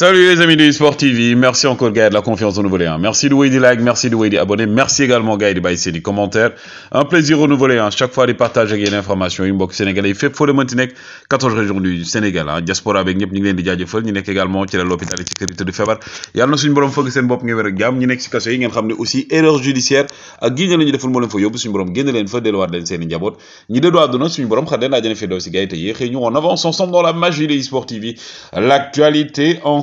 Salut les amis de Sport TV, merci encore gars de la confiance de renouvelée. Hein. Merci de vous des like, merci de vous des abonnés, merci également gars de baisser des commentaires. Un plaisir renouvelé, hein. chaque fois de partager avec l'information, une box sénégalaise, fait pour le Montenegro, 14 régions du Sénégal. Hein. Diaspora avec ñep ñi ngi leen di également qui est également ci l'hôpital ci sécurité de février. yàlla na suñu borom fëgg seen bopp ngeen wér ak jàmm ñi nekk ci kaso yi ngeen xam aussi erreur judiciaire ak gii ñu deful moo leen fa yóbbu suñu borom de leen fa Sénégal. leen seen i njaboot ñi dëddu àdduna suñu borom xar leen laajane fi daw gars Gaël te yéexee ñu on avance ensemble dans la magie de Sport TV l'actualité en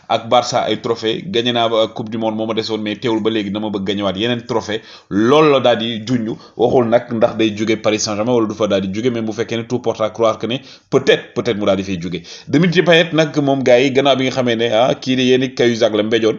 ak Barça ay trophée gagné naa coupe du monde moma ma mais téwul ba légui dama bëgg gagné wat yenen trophée loolu la daal di junj waxul nak ndax day jóge Paris Saint-Germain wala du fa daal di jóge même bu fekkee né tout porte à croire que né peut-être peut-être mu daal di fay jóge Dimitri Payet nak mom gars yi gannaaw bi nga xamé né ah kii di yéni i Cahuzac la mbéjoon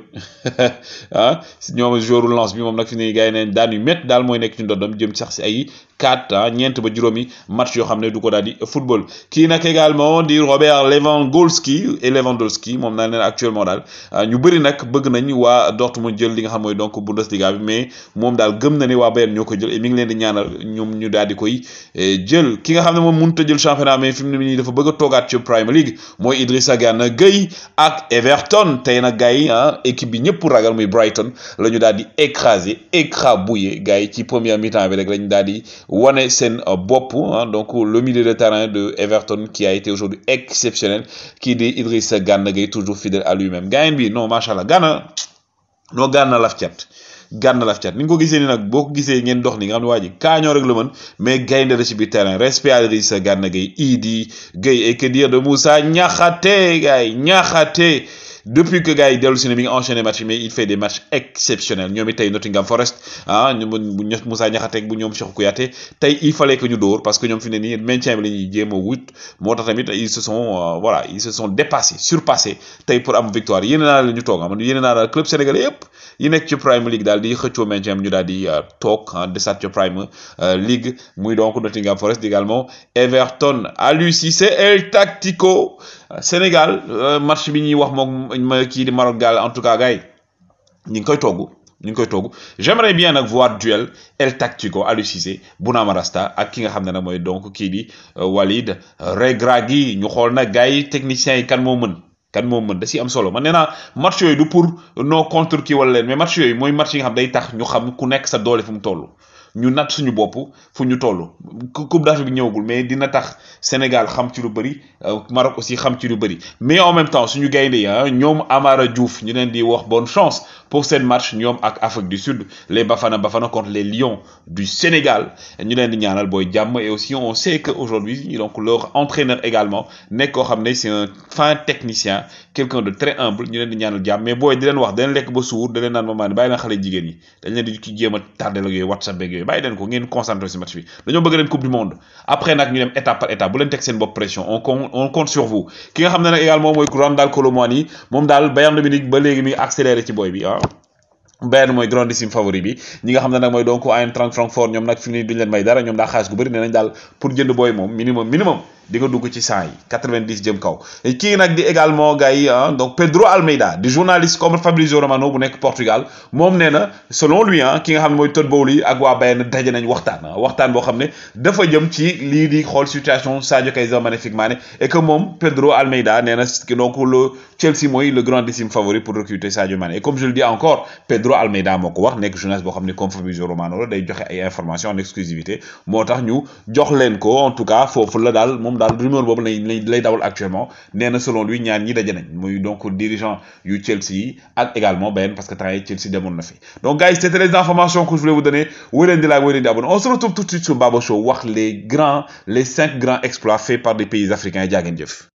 ah ñoom joueur lance bi mom nak fi ne gars yi neen met dal moy nek ci ndoddam jëm sax si ay 4 ah ñeent ba juróomi match yo xamné ne du ko daal di football ki nak également di Robert Lewandowski et Lewandowski mom naa actuellement moo euh, ñu bëri nak bëgg nañ wa Dortmund jël li nga xam moy donc Bundesliga bi mais mon daal gëm na ni wa Bayern ñoko jël et mi ngi leen di ñaanal ñoom ñu daal di koy eh, jël ki nga xam ne jël championnat mais fim mu ne nii dafa bëgg a ci Premier League moy Idrissa Gana Gueye ak Everton tay nag gars yi ah équipe bi ñëpp ragal muy Brighton le ñu daal di écraser écrabouiller gars yi ci première mi-temps bi rek lañu ñu daal di wane sen euh, bopp ah. donc le milieu de terrain de Everton qui a été aujourd'hui exceptionnel qui dit Idrissa Gana Gueye toujours fidèle à lui lui-même gaynde bi non macha allah Gana noo Gana laf cat gànn laf cat ni ko gisé ni nak boko gisé gisee ngeen dox ni nga xam ne waa rek le man mais gaynde ci bi terrain respect à Idrissa Gana Gueye Idi Gueye et que dire de Moussa Niakhaté gay yi Niakhaté depuis que gars delu dellu si ne mi ngi enchaîné match mais il fait des matchs exceptionnels ñomi tay tey Nottingham Forest ah ñu bu ñoom Moussa Niakhaté ak bu ñom Cheikh Kouyaté tay il fallait que ñu dóor parce que ñom fi ne nii maintien bi lañuy ñuy wut moo tamit ils se sont euh, voilà ils se sont dépassés surpassés tay pour am victoire yéen naa la ñu toog ah man yéen naa la club sénégalais yépp yi nekk ci prime League daal di xëccoo maintien bi ñu daal di euh, toog hein, de ca prime euh, league muy donc Nottingham Forest également Everton à El Tactico euh, Sénégal match bi ñuy wax moom kii di Maroc en tout cas gars yi ngi koy togg. ñu ngi koy j'aimerais bien nag voir duel El Tactico Aliou Cissé Bounama Rasta ak ki nga xam ne nag donc kii di Walid Regragui ñu xool nag gars yi technicien yi kan moo mën. kan moom mën da si am solo man nee naa match yooyu du pour non contre kii wala leen mais match yooyu mooy match yi nga xam day tax ñu xam ku nekk sa doole fu mu toll ñu nat suñu bop fu ñu toll coupe d'Afrique bi mais dina tax Sénégal xam ci lu bari euh, Maroc aussi xam ci lu bari mais en même temps suñu gaynde hein, ñom Amara Diouf ñu len di wax bonne chance pour cette match ñom ak Afrique du Sud les Bafana Bafana contre les Lions du Sénégal ñu len di ñaanal boy jamm et aussi on sait que aujourd'hui donc leur entraîneur également nek ko xamné c'est un fin technicien quelqu'un de très humble ñu len di ñaanal jamm mais boy di len wax dañ lek ba sour da leen naan ma maa ne bàyyi leen ni. dañ di ci jéem a ak WhatsApp beeg Biden bàyyi une ko ngeen ce match bi dañu bëgg coupe du monde après nak ñu dem étape par étape bu pression on compte sur vous ki nga également Kolo Bayern Munich ba mi accéléré ci des bi ah. Ben moy grandissime favori bi ñi nga nak moy donc 30 Francfort fort ñom nak fini duñ leen may dara minimum minimum diko dugg ci 100 yi 90 vingt jëm kaw ki nak di également gay hein, donc Pedro Almeida du journaliste comme Fabrizio Romano bu nek Portugal mom nee selon lui hein ki nga xam moy mooy Todd Bowley ak wa Bayern dajé nañ waxtaan hein, waxtaan bo xamné dafa jëm ci li di xol situation Sadio Kaysa magnifique Mané et que mom Pedro Almeida nee na donc le Chelsea moy le grandissime favori pour recruter Sadio Mané et comme je le dis encore Pedro Almeida moko wax nek journaliste bo xamné comme Fabrizio Romano la day ay informations en exclusivité motax ñu jox leen ko en tout cas fofu la dal mom dal rumeur bobu lay lay dawal actuellement nee selon lui ñaan ñi dajé nañ muy donc dirigeant yu Chelsea ak également Ben, parce que temps Chelsea demoon na fi donc guys c'était les informations que je voulais vous donner wéy leen di la, wéy leen di abonné on se retrouve tout de suite sur Babo Show wax les grands les cinq grands exploits faits par des pays africains yi